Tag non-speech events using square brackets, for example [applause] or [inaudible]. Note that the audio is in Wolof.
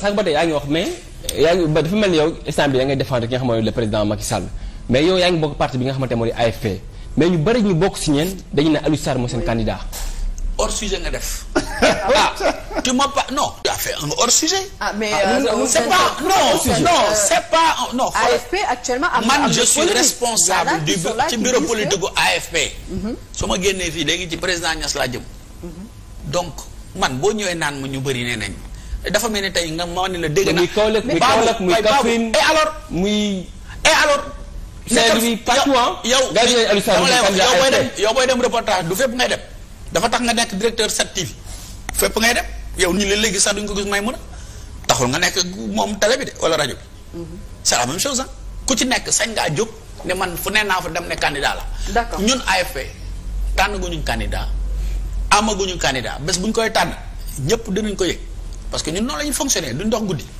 sànq ba tey yaa ngi wax mais yaa ngi ba dafa mel ni yow instant bi yaa ngay défendre ki nga xam mooy le président Macky Sall mais yow yaa ngi bokk parti bi nga xamante moo di AFP ñu bëri ñu bokk si ñeen dañu ne Aliou Sarr mooy seen candidat. hors sujet nga def. [laughs] ah tu m'as pas ah, mais ah, euh, euh, euh, c'est pas non non c'est man je suis responsable du ci bureau politique gu AFP. Mhm. su ma génnee fii léegi ci président Niass laa jëm. Mhm. donc man boo ñëwee naan ma ñu bëri nee nañ. dafa mel ni tey nga ma ne la dégg na muy Kaolack muy Kaolack muy Kaffrine et alors muy et alors Saint-Louis partout yow dama yow booy dem yow booy dem reportage du fépp ngay dem dafa tax nga nekk directeur 7 TV fépp ngay dem yow nii la léegi sax duñ ko gis may mën a taxul nga nekk moom télé bi de wala rajo bi mhm. c'est chose ah ku ci nekk sañ ngaa jóg ne man fu nee naa fa dem ne candidat la d'accord ñun AFP tànn guñu candidat amaguñu candidat bés bu ñu koy tànn ñëpp dinañ ko yëg parce que ñun noonu la ñuy fonctionner duñ dox guddi.